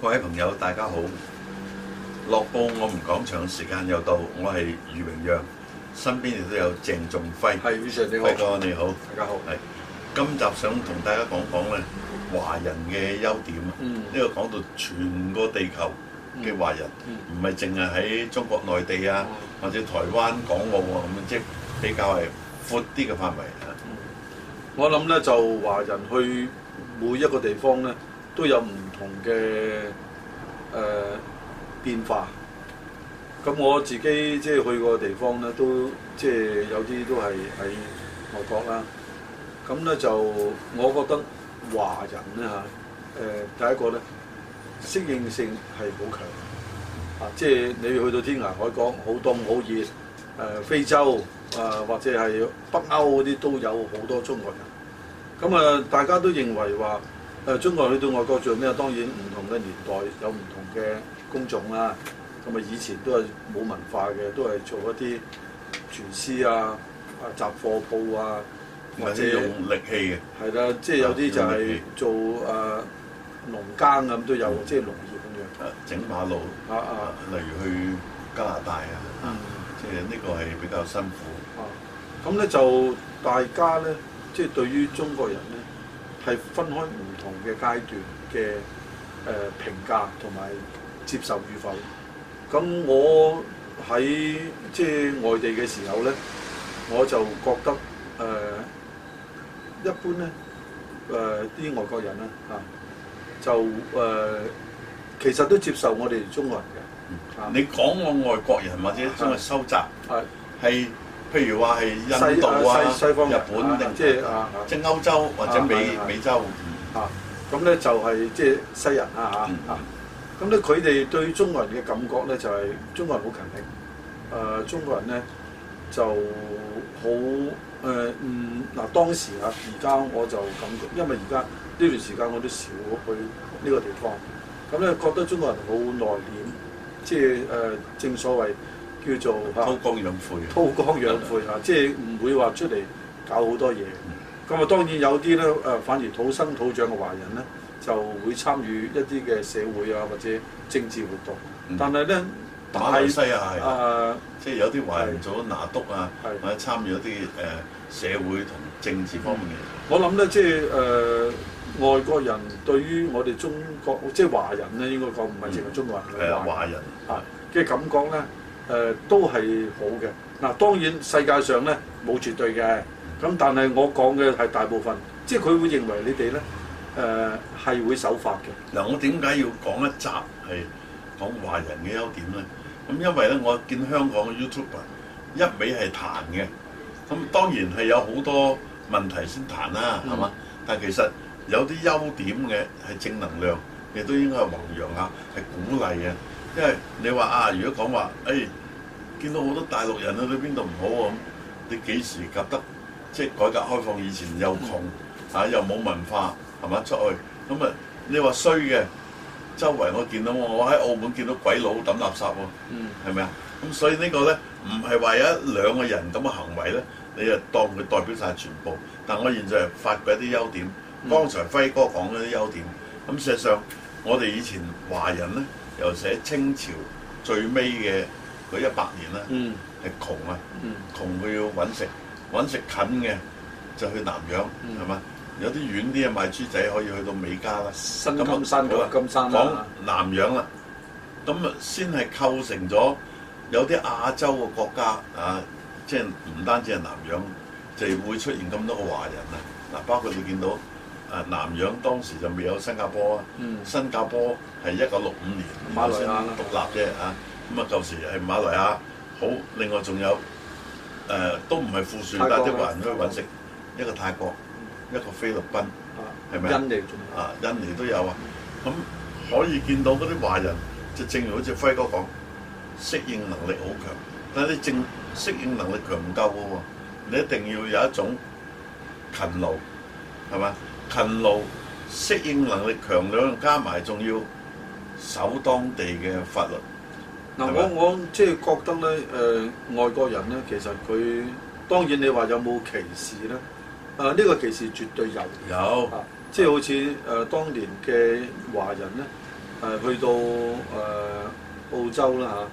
各位朋友，大家好！樂報我們講場時間又到，我係余明陽，身邊亦都有鄭仲輝，係余 Sir 你好，輝哥你好，大家好。係今集想同大家講講咧華人嘅優點，呢個講到全個地球嘅華人，唔係淨係喺中國內地啊，或者台灣、港澳啊咁，即係比較係。闊啲嘅範圍啊！我諗咧就華人去每一個地方咧都有唔同嘅誒、呃、變化。咁我自己即係去過嘅地方咧，都即係有啲都係喺外國啦。咁咧就我覺得華人咧嚇誒第一個咧適應性係好強啊！即係你去到天涯海角，好凍好熱誒、呃、非洲。誒或者係北歐嗰啲都有好多中國人，咁啊大家都認為話誒中國去到外國做咩啊？當然唔同嘅年代有唔同嘅工種啦。咁啊以前都係冇文化嘅，都係做一啲廚師啊、啊雜貨鋪啊，或者、就是、用力氣嘅。係啦、啊，即、就、係、是、有啲就係做誒、啊啊、農耕咁都有，即、就、係、是、農業咁樣。整馬路啊啊！例如去加拿大、嗯、啊，即係呢個係比較辛苦。咁咧就大家咧，即係對於中國人咧係分開唔同嘅階段嘅誒評價同埋接受與否。咁我喺即係外地嘅時候咧，我就覺得誒一般咧誒啲外國人咧嚇就誒其實都接受我哋中國人嘅。嗯、係吧？你講我外國人或者將佢收窄係。譬如話係印度啊、西方、日本定即係即係歐洲或者美、啊、美洲，咁咧、啊、就係即係西人啊嚇，咁咧佢哋對中國人嘅感覺咧就係、是、中國人好勤力，誒、啊、中國人咧就好誒、啊、嗯嗱當時啊，而家我就感覺，因為而家呢段時間我都少去呢個地方，咁、啊、咧覺得中國人好內斂，即係誒正所謂。叫做嚇，韜光養晦，韜光養晦嚇，即係唔會話出嚟搞好多嘢。咁啊，當然有啲咧，誒反而土生土長嘅華人咧，就會參與一啲嘅社會啊或者政治活動。但係咧，馬來西亞係誒，即係有啲華人做咗拿督啊，或者參與一啲誒社會同政治方面嘅嘢。我諗咧，即係誒外國人對於我哋中國即係華人咧，應該講唔係淨係中國人係華人啊即係感覺咧。誒、呃、都係好嘅，嗱當然世界上呢冇絕對嘅，咁但係我講嘅係大部分，即係佢會認為你哋呢誒係、呃、會守法嘅。嗱、呃，我點解要講一集係講華人嘅優點呢？咁因為呢，我見香港嘅 YouTuber 一味係彈嘅，咁當然係有好多問題先彈啦、啊，係嘛、嗯？但係其實有啲優點嘅係正能量，亦都應該係弘揚下，係鼓勵嘅、啊。因為你話啊，如果講話，誒、哎、見到好多大陸人你啊，對邊度唔好喎？咁你幾時及得？即係改革開放以前又窮，嚇、啊、又冇文化，係咪？出去咁啊、嗯嗯嗯？你話衰嘅，周圍我見到我喺澳門見到鬼佬抌垃圾喎，係咪啊？咁所以個呢個咧，唔係為一兩個人咁嘅行為咧，你就當佢代表晒全部。但我現在發掘一啲優點，剛才輝哥講嗰啲優點，咁事實上我哋以前華人咧。又寫清朝最尾嘅嗰一百年啦，係、嗯、窮啊，窮佢要揾食，揾食近嘅就去南洋，係嘛、嗯？有啲遠啲啊，賣豬仔可以去到美加啦，新金山金山啦、啊。講南洋啦，咁啊先係構成咗有啲亞洲嘅國家啊，即係唔單止係南洋，就係會出現咁多個華人啊，嗱，包括你見到。啊，南洋當時就未有新加坡啊，新加坡係一九六五年馬來亞獨立啫嚇，咁啊舊時係馬來亞好，另外仲有誒都唔係富庶，但係啲華人都去揾食，一個泰國，一個菲律賓，係咪？印尼啊，印尼都有啊，咁可以見到嗰啲華人就正如好似輝哥講，適應能力好強，但係你正適應能力強唔夠喎，你一定要有一種勤勞。係嘛？勤勞、適應能力強兩樣加埋，仲要守當地嘅法律。嗱、嗯，吧我我即係覺得咧，誒、呃、外國人咧，其實佢當然你話有冇歧視咧？誒、呃、呢、呢個歧視絕對有，有即係、啊就是、好似誒、呃、當年嘅華人咧，誒、呃、去到誒、呃、澳洲啦嚇。啊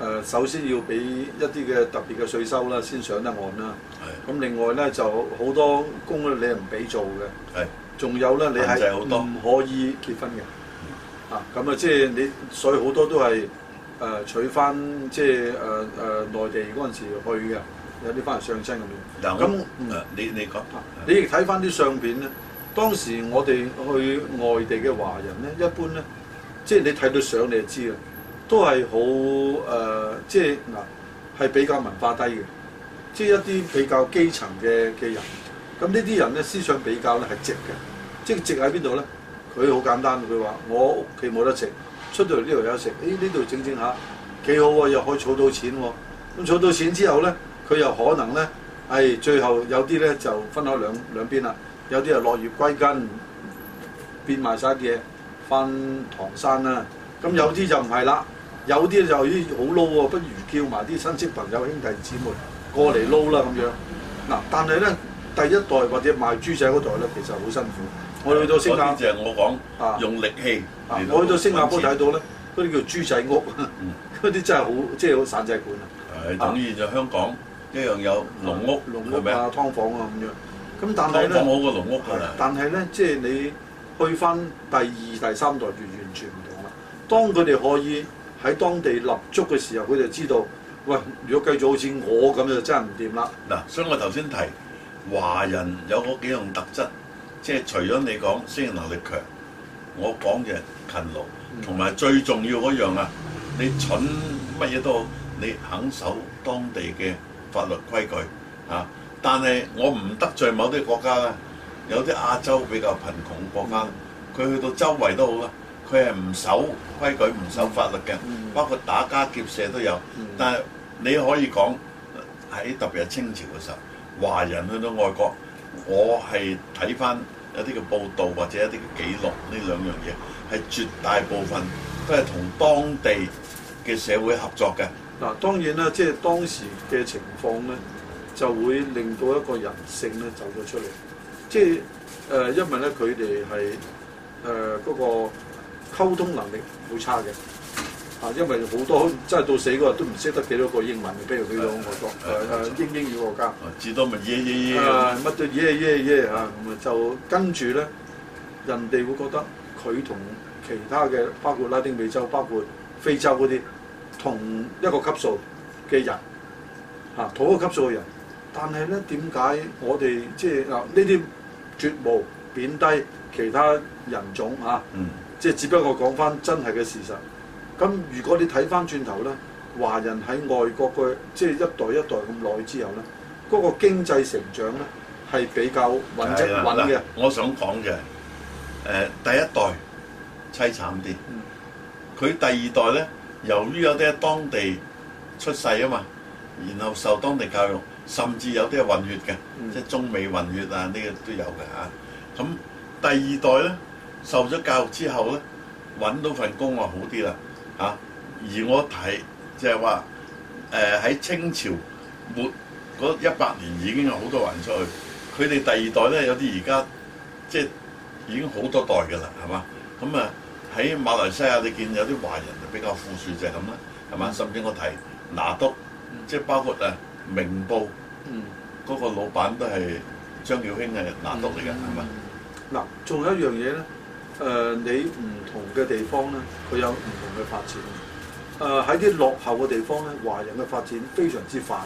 誒，首先要俾一啲嘅特別嘅稅收啦，先上得岸啦。係。咁另外咧，就好多工咧，你係唔俾做嘅。係。仲有咧，你係唔可以結婚嘅。啊，咁啊，即係你，所以好多都係誒取翻，即係誒誒內地嗰陣時去嘅，有啲翻嚟相親咁樣。咁你你講，你亦睇翻啲相片咧，當時我哋去外地嘅華人咧，一般咧，即係你睇到相你就知啦。都係好誒，即係嗱，係比較文化低嘅，即係一啲比較基層嘅嘅人。咁呢啲人咧，思想比較咧係直嘅，即係直喺邊度咧？佢好簡單，佢話：我屋企冇得食，出到嚟呢度有得食，誒呢度整整下幾好喎，又可以儲到錢喎、哦。咁儲到錢之後咧，佢又可能咧係、哎、最後有啲咧就分開兩兩邊啦，有啲又落葉歸根，變賣晒啲嘢翻唐山啦。咁有啲就唔係啦。有啲就依好撈喎，不如叫埋啲親戚朋友兄弟姊妹過嚟撈啦咁樣。嗱，但係咧第一代或者賣豬仔嗰代咧，其實好辛苦。我去到新加坡，就係我講，用力氣、啊。我去到新加坡睇到咧，嗰啲叫豬仔屋，嗰啲、嗯啊、真係好，即係好散仔館。係、哎，總之就香港一樣有籠屋，籠屋啊、劏房啊咁樣。咁但係咧，劏房好過籠屋㗎啦。但係咧，即係你去翻第二、第三代就完全唔同啦。當佢哋可以喺當地立足嘅時候，佢就知道，喂，如果繼續好似我咁就真係唔掂啦。嗱、啊，所以我頭先提華人有嗰幾種特質，即係除咗你講適應能力強，我講嘅勤勞，同埋、嗯、最重要嗰樣啊，你蠢乜嘢都好，你肯守當地嘅法律規矩啊，但係我唔得罪某啲國家啦。有啲亞洲比較貧窮國家，佢、嗯、去到周圍都好啦。佢係唔守規矩、唔守法律嘅，包括打家劫舍都有。但係你可以講喺特別係清朝嘅時候，華人去到外國，我係睇翻有啲嘅報道或者一啲嘅記錄，呢兩樣嘢，係絕大部分都係同當地嘅社會合作嘅。嗱，當然啦，即係當時嘅情況咧，就會令到一個人性咧走咗出嚟。即係誒，因為咧佢哋係誒嗰個。溝通能力好差嘅，啊，因為好多真係到死嗰日都唔識得幾多個英文，唔識如多到國，誒誒英英語國家，至多咪耶乜耶、啊、都耶耶耶咁啊就跟住咧，人哋會覺得佢同其他嘅，包括拉丁美洲、包括非洲嗰啲，同一個級數嘅人，嚇同一個級數嘅人，但係咧點解我哋即係嗱呢啲絕無貶低其他人種嚇？啊、嗯。即係只不過我講翻真係嘅事實。咁如果你睇翻轉頭咧，華人喺外國嘅即係一代一代咁耐之後咧，嗰、那個經濟成長咧係比較穩質穩嘅。我想講嘅，誒、呃、第一代凄慘啲，佢、嗯、第二代咧，由於有啲喺當地出世啊嘛，然後受當地教育，甚至有啲係混血嘅，嗯、即係中美混血啊，呢、這個都有嘅嚇、啊。咁第二代咧。受咗教育之後咧，揾到份工好啊好啲啦嚇。而我睇即係話誒喺清朝末嗰一百年已經有好多人出去，佢哋第二代咧有啲而家即係已經好多代噶啦，係嘛？咁啊喺馬來西亞你見有啲華人就比較富庶就係咁啦，係嘛？甚至我睇拿督即係、就是、包括誒、啊、明報嗰、嗯那個老闆都係張曉卿係拿督嚟噶係嘛？嗱、嗯，做吧一樣嘢咧。誒、呃、你唔同嘅地方咧，佢有唔同嘅發展。誒喺啲落後嘅地方咧，華人嘅發展非常之快。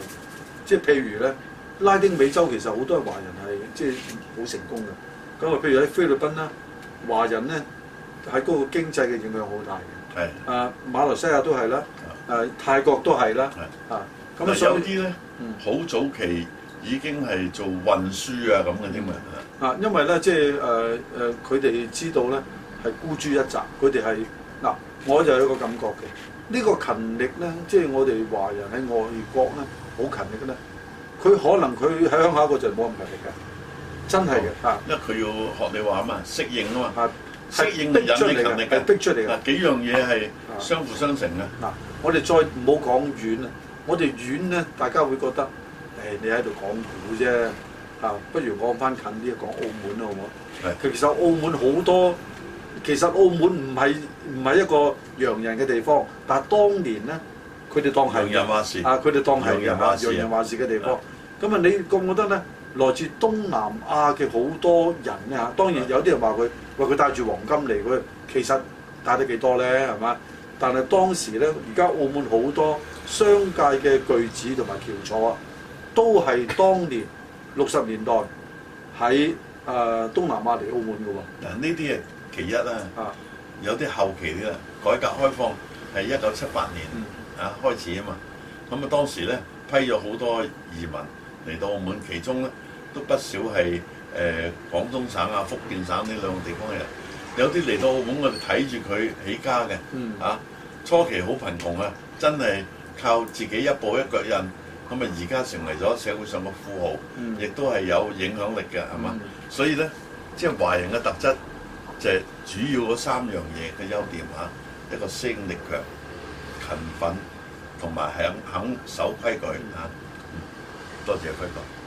即係譬如咧，拉丁美洲其實好多係華人係即係好成功嘅。咁啊，譬如喺菲律賓啦，華人咧喺嗰個經濟嘅影響好大嘅。係的。啊，馬來西亞都係啦。啊，泰國都係啦。的啊，咁啊，所以啲咧，好、嗯、早期。已經係做運輸啊咁嘅添嘛啊，因為咧，即係誒誒，佢、呃、哋、呃、知道咧係孤注一擲，佢哋係嗱，我就有個感覺嘅，呢、這個勤力咧，即係我哋華人喺外國咧，好勤力嘅咧，佢可能佢喺鄉下嗰陣冇咁勤力嘅，啊、真係嘅，啊，因為佢要學你話啊嘛，適應啊嘛，啊，適應嚟引起勤力嘅，逼出嚟嗱、啊，幾樣嘢係相輔相成嘅。嗱、啊，我哋再唔好講遠啊，我哋遠咧，大家會覺得。誒，你喺度講古啫嚇，不如講翻近啲、這個，講澳門啦，好唔好？其實澳門好多，其實澳門唔係唔係一個洋人嘅地方，但係當年咧，佢哋當係洋人啊！佢哋當係洋人，洋人話事嘅、啊、地方。咁啊，你覺唔覺得咧？來自東南亞嘅好多人咧、啊、嚇，當然有啲人話佢是喂佢帶住黃金嚟，佢其實帶得幾多咧係嘛？但係當時咧，而家澳門好多商界嘅巨子同埋翹楚啊！都係當年六十年代喺誒、呃、東南亞嚟澳門嘅喎。嗱，呢啲係其一啦。啊，有啲後期嘅啦。改革開放係一九七八年啊開始啊嘛。咁啊，當時咧批咗好多移民嚟到澳門，其中咧都不少係誒、呃、廣東省啊、福建省呢兩個地方嘅人。有啲嚟到澳門，我哋睇住佢起家嘅。嗯、啊，初期好貧窮啊，真係靠自己一步一腳印。咁啊，而家成為咗社會上嘅富豪，嗯、亦都係有影響力嘅，係嘛？嗯、所以咧，即係華人嘅特質就係主要嗰三樣嘢嘅優點嚇，一個適應力強、勤奮，同埋肯肯守規矩嚇、嗯，多謝香港。